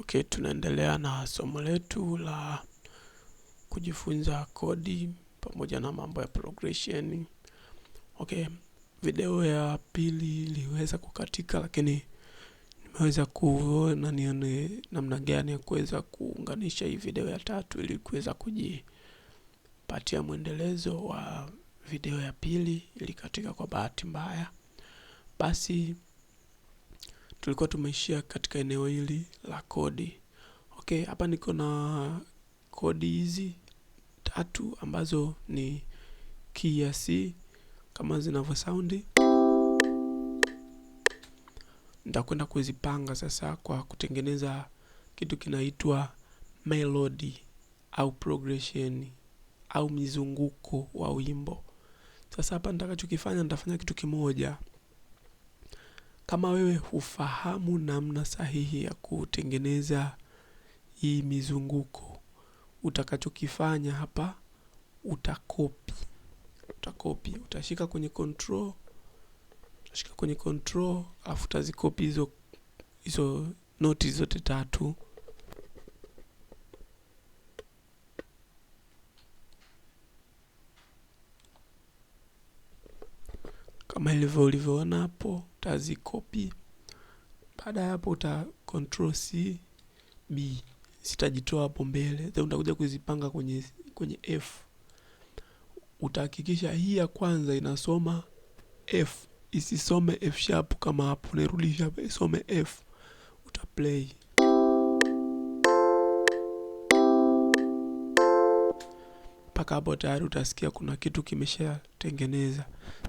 Okay, tunaendelea na somo letu la kujifunza kodi pamoja na mambo ya progression. Okay, video ya pili iliweza kukatika, lakini nimeweza kuona nione namna gani ya kuweza kuunganisha hii video ya tatu ili kuweza kujipatia mwendelezo wa video ya pili. Ilikatika kwa bahati mbaya, basi tulikuwa tumeishia katika eneo hili la kodi. Okay, hapa niko na kodi hizi tatu ambazo ni key kama zinavyo saundi Nitakwenda kuzipanga sasa kwa kutengeneza kitu kinaitwa melody au progression au mzunguko wa wimbo. Sasa hapa nitakachokifanya, nitafanya kitu kimoja. Kama wewe hufahamu namna sahihi ya kutengeneza hii mizunguko, utakachokifanya hapa utakopi. Utakopi, utashika kwenye control, utashika kwenye control, alafu utazikopi hizo hizo noti zote tatu. kama ilivyo ulivyoona hapo, utazikopi. Baada ya hapo, uta control C B, sitajitoa hapo mbele, then utakuja kuzipanga kwenye kwenye F. Utahakikisha hii ya kwanza inasoma F, isisome F sharp kama hapo, nairudisha isome F, uta play mpaka hapo tayari utasikia kuna kitu kimeshatengeneza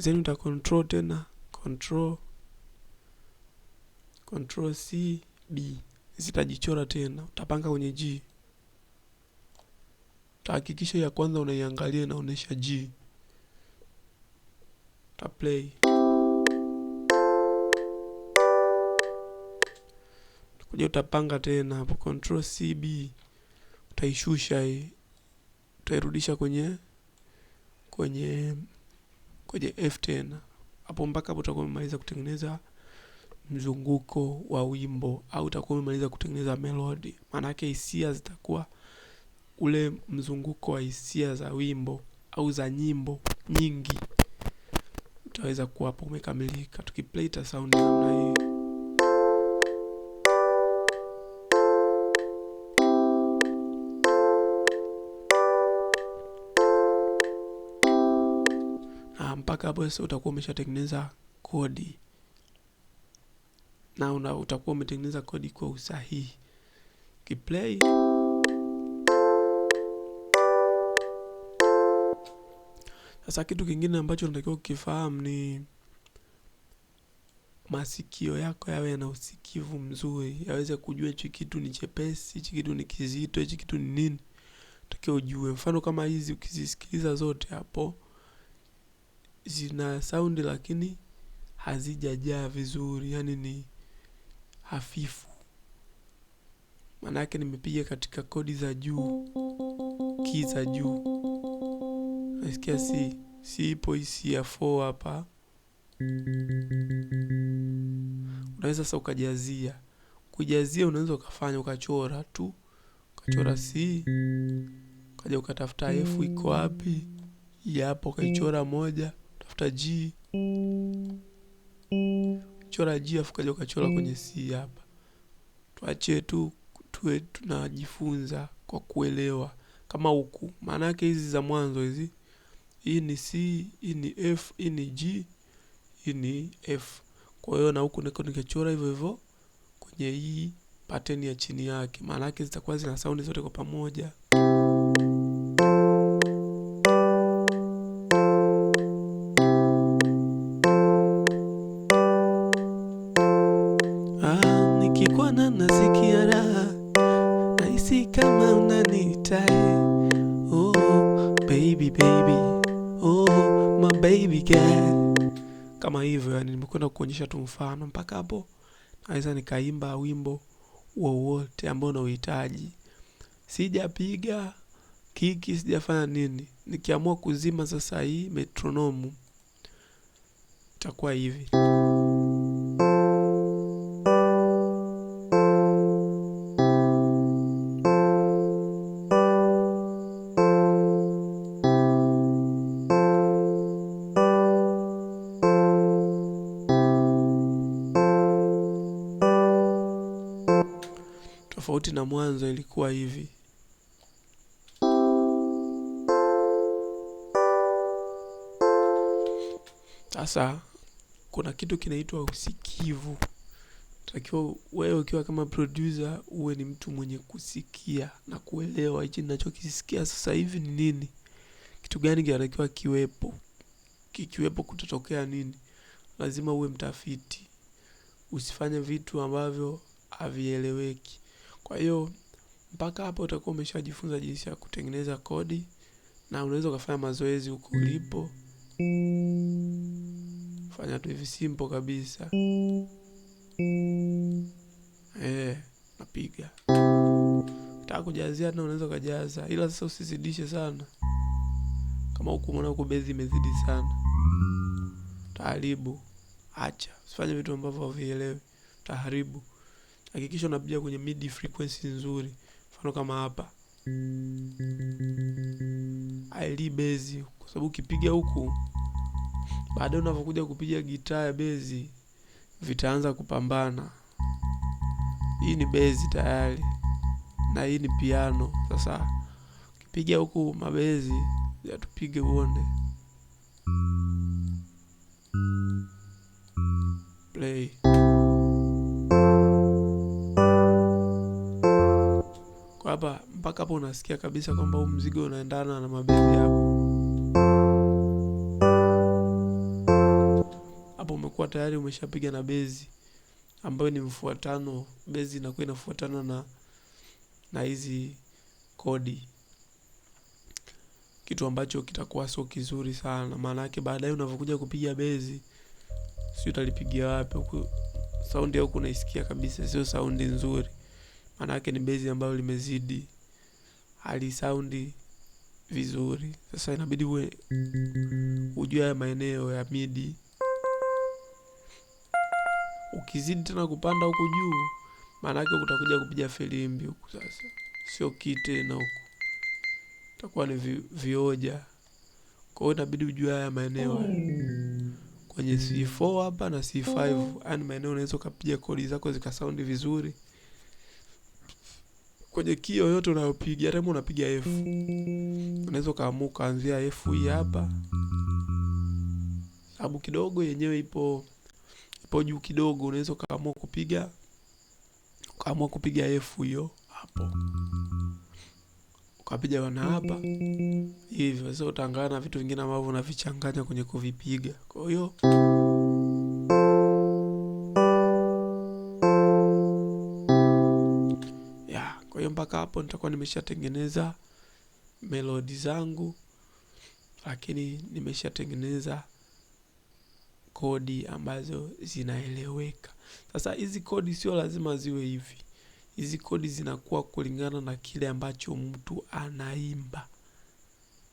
then uta control tena control control c d zitajichora tena utapanga kwenye g utahakikisha ya kwanza unaiangalia inaonyesha g play kuja utapanga tena hapo control cb utaishusha hii tutairudisha kwenye kwenye kwenye F10 hapo mpaka hapo utakuwa umemaliza kutengeneza mzunguko wa wimbo au utakuwa umemaliza kutengeneza melody. yake hisia zitakuwa ule mzunguko wa hisia za wimbo au za nyimbo nyingi, utaweza kuwa hapo umekamilika. Tukiplay ta sound namna hii mpaka utakuwa umeshatengeneza kodi na una, utakuwa umetengeneza kodi kwa usahihi. Kiplay sasa, kitu kingine ambacho unatakiwa kukifahamu ni masikio yako yawe yana usikivu mzuri, yaweze kujua hichi kitu ni chepesi, hichi kitu ni kizito, hichi kitu ni nini, takiwa ujue. Mfano kama hizi ukizisikiliza zote hapo zina saundi lakini hazijajaa vizuri yani ni hafifu manake nimepiga katika kodi za juu ki za juu nasikia si si hisi ya fo hapa unaweza sasa ukajazia kujazia unaweza ukafanya ukachora tu ukachora si ukaja ukatafuta efu iko wapi yapo ukaichora moja futa G chora G afu kaja ukachora kwenye C hapa. Tuache tu tuwe tunajifunza kwa kuelewa kama huku, maana yake hizi za mwanzo hizi, hii ni C, hii ni F, hii ni G, hii ni F. Kwa hiyo na huku niko nikachora hivyo hivyo kwenye hii pattern ya chini yake, maana yake zitakuwa zina sound zote kwa pamoja. kuonyesha tu mfano. Mpaka hapo naweza nikaimba wimbo wowote ambao unauhitaji. Sijapiga kiki, sijafanya nini. Nikiamua kuzima sasa hii metronomu itakuwa hivi. Sasa kuna kitu kinaitwa usikivu. Takiwa wewe ukiwa kama producer uwe ni mtu mwenye kusikia na kuelewa hichi ninachokisikia sasa hivi ni nini, kitu gani kinatakiwa kiwepo, kikiwepo kutatokea nini. Lazima uwe mtafiti, usifanye vitu ambavyo havieleweki. Kwa hiyo mpaka hapo utakuwa umeshajifunza jinsi ya kutengeneza kodi na unaweza ukafanya mazoezi huko ulipo. Fanya tu hivi simple kabisa eh, napiga taka kujazia na unaweza ukajaza, ila sasa usizidishe sana, kama huku mwana huku bezi imezidi sana, taharibu. Acha usifanye vitu ambavyo havielewi, taharibu. Hakikisha unapiga kwenye midi frequency nzuri, mfano kama hapa aili bezi, kwa sababu ukipiga huku baadaye unavyokuja kupiga gitaa ya bezi vitaanza kupambana. Hii ni bezi tayari na hii ni piano. Sasa ukipiga huku mabezi yatupige uone. Play. hapa mpaka hapo unasikia kabisa kwamba huu mzigo unaendana na mabezi yako Hapo umekuwa tayari umeshapiga na bezi ambayo ni mfuatano, bezi inakuwa inafuatana na na hizi kodi, kitu ambacho kitakuwa sio kizuri sana. Maana yake baadaye unavyokuja kupiga bezi, si utalipigia wapi? Huku saundi ya huku unaisikia kabisa, sio saundi nzuri maanake ni bezi ambayo limezidi halisaundi vizuri. Sasa inabidi uwe ujua maeneo ya midi. Ukizidi tena kupanda huku juu, maanake utakuja kupiga filimbi huku sasa, sio kite na huku utakuwa ni vioja. Kwa hiyo inabidi ujua haya maeneo kwenye C4 hapa na C5, mm. yani maeneo unaweza ukapiga kodi zako zikasaundi vizuri kwenye key yoyote unayopiga, hata kama unapiga F unaweza ukaamua ukaanzia F hii hapa, sababu kidogo yenyewe ipo ipo juu kidogo, unaweza ukaamua kupiga ukaamua kupiga F hiyo hapo, ukapiga wana hapa hivyo. Sasa utangana na vitu vingine ambavyo unavichanganya kwenye kuvipiga, kwa hiyo mpaka hapo nitakuwa nimeshatengeneza melodi zangu, lakini nimeshatengeneza kodi ambazo zinaeleweka. Sasa hizi kodi sio lazima ziwe hivi, hizi kodi zinakuwa kulingana na kile ambacho mtu anaimba,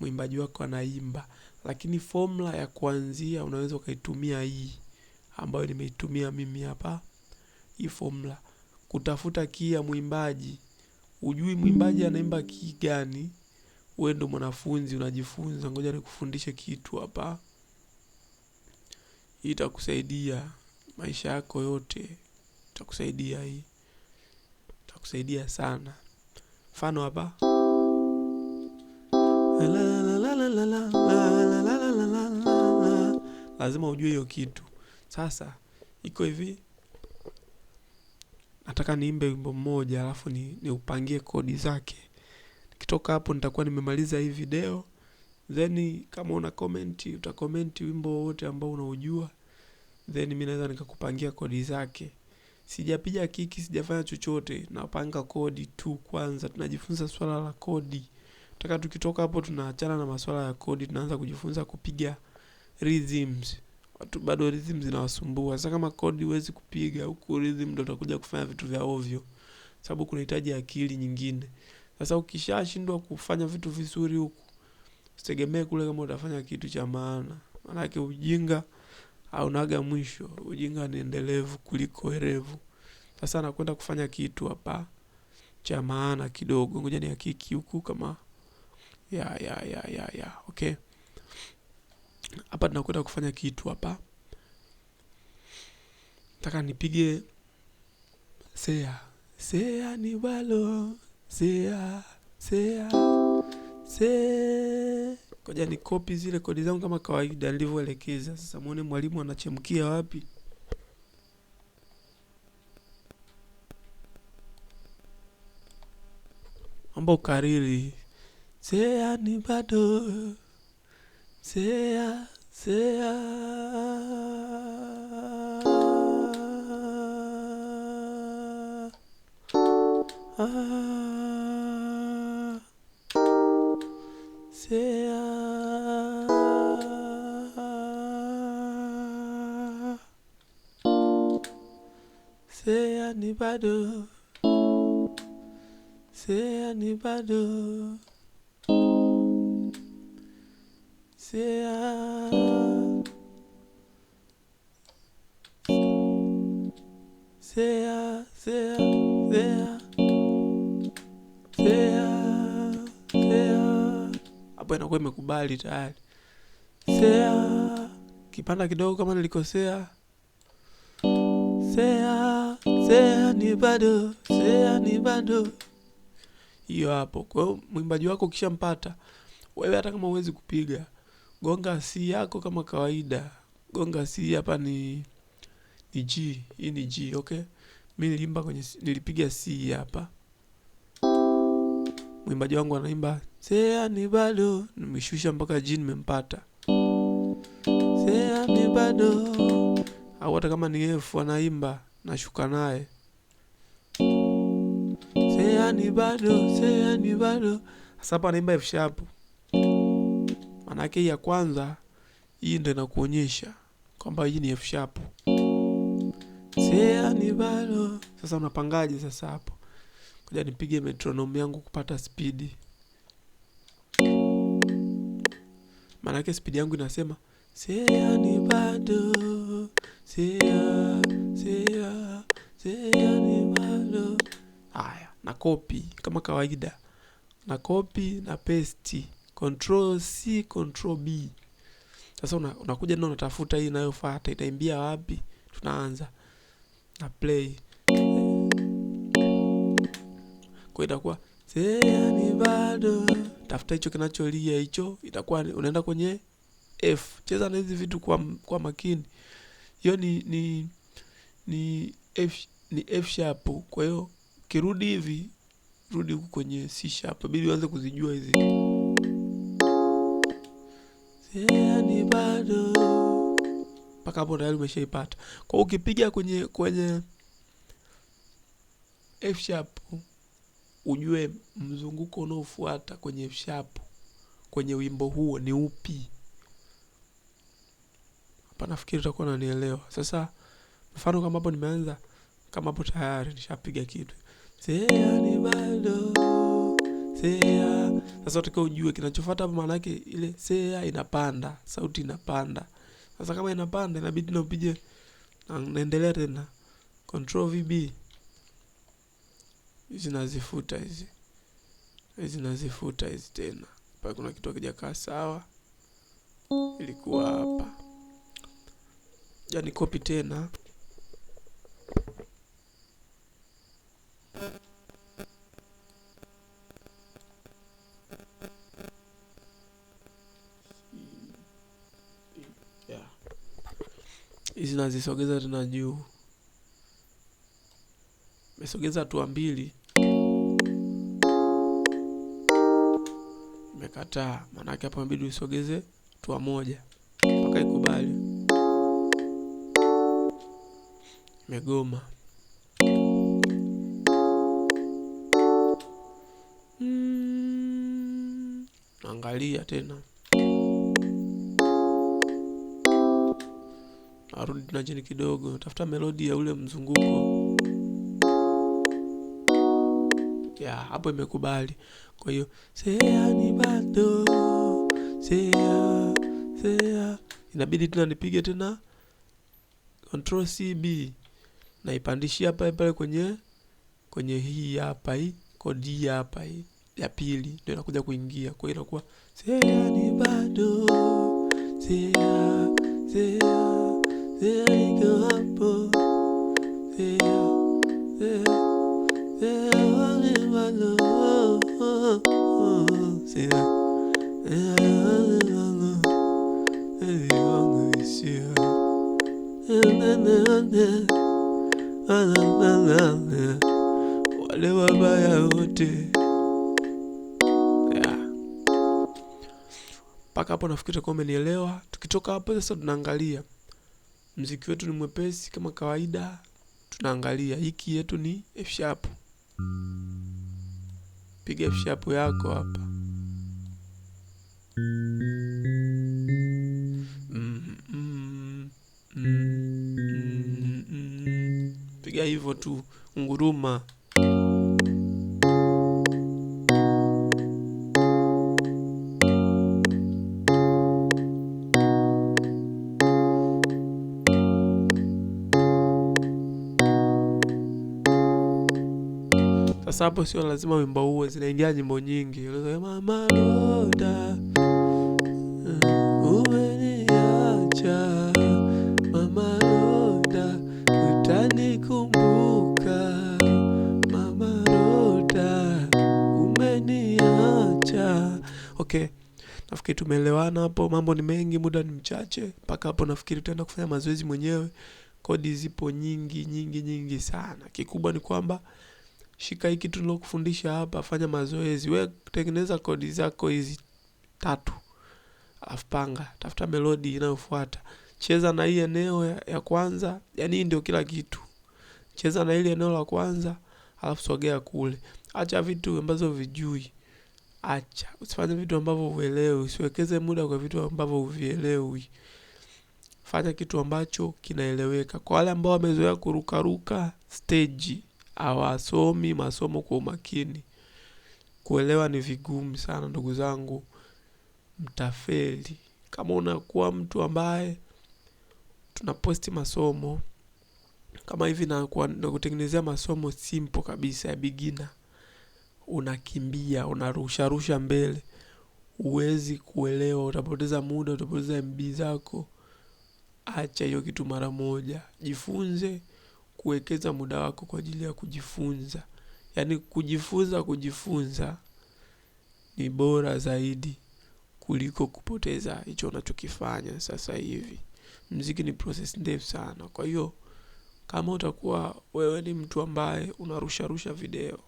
mwimbaji wako anaimba, lakini formula ya kuanzia unaweza ukaitumia hii ambayo nimeitumia mimi hapa, hii formula, kutafuta kii ya mwimbaji ujui mwimbaji anaimba gani, we ndo mwanafunzi unajifunza, ngoja nikufundishe kitu hapa, hii itakusaidia maisha yako yote, itakusaidia hii, itakusaidia sana. Mfano hapa lazima ujue hiyo kitu. Sasa iko hivi nataka niimbe wimbo mmoja alafu ni, ni upangie kodi zake. Nikitoka hapo nitakuwa nimemaliza hii video. Then kama una comment utakomenti wimbo wote ambao unaujua. Then mimi naweza nikakupangia kodi zake. Sijapiga kiki, sijafanya chochote, napanga kodi tu kwanza. Tunajifunza swala la kodi. Nataka tukitoka hapo tunaachana na masuala ya kodi, tunaanza kujifunza kupiga rhythms watu bado rhythm zinawasumbua. Sasa kama kodi huwezi kupiga huku, rhythm ndo utakuja kufanya vitu vya ovyo, sababu kunahitaji akili nyingine. Sasa ukishashindwa kufanya vitu vizuri huku, usitegemee kule kama utafanya kitu cha maana, maanake ujinga haunaga mwisho. Ujinga ni endelevu kuliko erevu. Sasa nakwenda kufanya kitu hapa cha maana kidogo, ngoja ni hakiki huku kama ya ya ya ya ya okay hapa tunakwenda kufanya kitu hapa. Nataka nipige sea sea ni walo sea sea sea. Koja ni kopi zile kodi zangu kama kawaida nilivyoelekeza. Sasa muone mwalimu anachemkia wapi. Mambo ukariri sea ni bado C'est à, c'est à, c'est à, c'est à n'importe où, c'est à n'importe où. Sea. Sea, sea, sea. Sea, sea. Hapo inakuwa imekubali tayari. Sea. Kipanda kidogo kama nilikosea. Sea, sea ni bado, sea ni bado. Hiyo hapo. Kwa mwimbaji wako ukishampata wewe, hata kama uwezi kupiga gonga C yako kama kawaida. Gonga C hapa ni ni G, hii ni G, okay? Mimi nilimba kwenye nilipiga C hapa. Mwimbaji wangu anaimba sea ni bado, nimeshusha mpaka G nimempata. Sea ni bado. Au hata kama ni F anaimba, nashuka naye. Sea ni bado, sea ni bado. Sasa hapa anaimba F sharp maana yake ya kwanza hii ndio inakuonyesha kwamba hii ni F sharp. Sasa unapangaje sasa hapo? Ngoja nipige metronome yangu kupata spidi, yake spidi yangu inasema sea ni bado sea, sea, sea ni bado. Haya, na kopi kama kawaida, na kopi na pesti control C control B. Sasa una, unakuja na unatafuta hii inayofuata itaimbia wapi? Tunaanza na play. Kwa itakuwa sehani bado, tafuta hicho kinacholia hicho, itakuwa unaenda kwenye F. Cheza na hizi vitu kwa, kwa makini. Hiyo ni ni ni F, ni F sharp. Kwa hiyo kirudi hivi, rudi huku kwenye C sharp, bidi uanze kuzijua hizi Yaani bado mpaka hapo tayari umeshaipata. Kwa ukipiga kwenye kwenye F sharp ujue mzunguko unaofuata kwenye F sharp kwenye wimbo huo ni upi? Hapa nafikiri utakuwa unanielewa. Sasa mfano kama hapo nimeanza kama hapo tayari nishapiga kitu. Siani bado sea. Sasa unatakiwa ujue kinachofuata hapo, maana yake ile sea inapanda, sauti inapanda. Sasa kama inapanda, inabidi na upige naendelea tena, control VB. Hizi nazifuta hizi, hizi nazifuta hizi tena, pa kuna kitu hakijakaa sawa, ilikuwa hapa jani kopi tena. Nazisogeza tena juu, mesogeza hatua mbili, mekataa. Maanake hapo inabidi usogeze hatua moja mpaka ikubali. Megoma mm. Angalia tena arudi na chini kidogo, tafuta melodi ya ule mzunguko ya hapo, imekubali. Kwa hiyo sea ni bado sea sea, inabidi tena nipige tena control na naipandishia pale pale kwenye kwenye hii hapa hii kodi hapa hii ya pili ndio inakuja kuingia. Kwa hiyo inakuwa sea ni bado sea mpaka hapo nafikiri kwa umenielewa. Tukitoka hapo sasa, tunaangalia mziki wetu ni mwepesi kama kawaida, tunaangalia hiki yetu ni F sharp. Piga F sharp yako hapa mm, mm, mm, mm, mm. Piga hivyo tu, nguruma Sasa hapo sio lazima wimbo huo, zinaingia nyimbo nyingi. Mama eh, umeniacha, Mama loda utanikumbuka, Mama Nyota umeniacha. Okay, nafikiri tumeelewana hapo. Mambo ni mengi, muda ni mchache. Mpaka hapo nafikiri utaenda kufanya mazoezi mwenyewe. Kodi zipo nyingi nyingi nyingi sana. Kikubwa ni kwamba shika hiki kitu nilokufundisha hapa, fanya mazoezi, we tengeneza kodi zako hizi tatu, alafu panga, tafuta melodi inayofuata, cheza na hii eneo ya, ya kwanza. Yani hii ndio kila kitu, cheza na ile eneo la kwanza, alafu sogea kule. Acha vitu ambazo vijui, acha usifanye vitu ambavyo uelewi, usiwekeze muda kwa vitu ambavyo uvielewi. Fanya kitu ambacho kinaeleweka. Kwa wale ambao wamezoea kurukaruka stage hawasomi masomo kwa umakini. Kuelewa ni vigumu sana ndugu zangu mtafeli. Kama unakuwa mtu ambaye tunaposti masomo kama hivi na kutengenezea masomo simple kabisa ya beginner. Unakimbia, unarusharusha mbele. Huwezi kuelewa, utapoteza muda, utapoteza MB zako. Acha hiyo kitu mara moja. Jifunze kuwekeza muda wako kwa ajili ya kujifunza. Yaani kujifunza kujifunza ni bora zaidi kuliko kupoteza hicho unachokifanya sasa hivi. mziki ni process ndefu sana. Kwa hiyo kama utakuwa wewe ni mtu ambaye unarusharusha video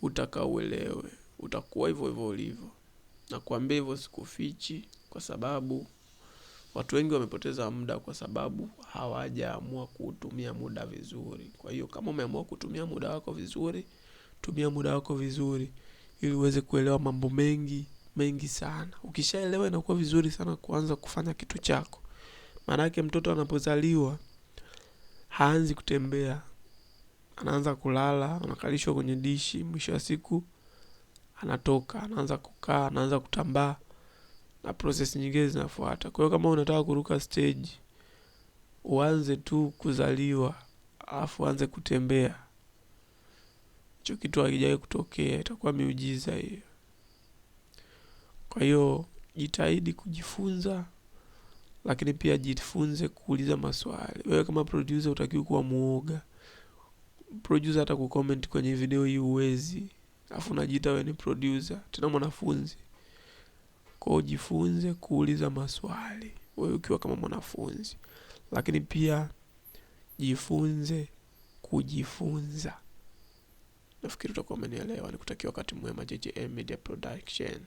hutakaa uelewe. Utakuwa hivyo hivyo ulivyo. Nakuambia hivyo sikufichi kwa sababu. Watu wengi wamepoteza muda kwa sababu hawajaamua kutumia muda vizuri. Kwa hiyo kama umeamua kutumia muda wako vizuri, tumia muda wako vizuri ili uweze kuelewa mambo mengi, mengi sana. Ukishaelewa inakuwa vizuri sana kuanza kufanya kitu chako. Maanake mtoto anapozaliwa, haanzi kutembea, anaanza kulala, anakalishwa kwenye dishi, mwisho wa siku, anatoka, anaanza kukaa, anaanza kutambaa na process nyingine zinafuata. Kwa hiyo kama unataka kuruka stage, uanze tu kuzaliwa alafu uanze kutembea. Hicho kitu hakijawahi kutokea, itakuwa miujiza hiyo. Kwa hiyo jitahidi kujifunza, lakini pia jifunze kuuliza maswali. Wewe kama producer utakiwa kuwa muoga. Producer hata kucomment kwenye video hii uwezi, alafu unajiita wewe ni producer, tena mwanafunzi. Kwa ujifunze kuuliza maswali wewe ukiwa kama mwanafunzi, lakini pia jifunze kujifunza. Nafikiri utakuwa umenielewa. Nikutakia wakati mwema. JJM Media Production.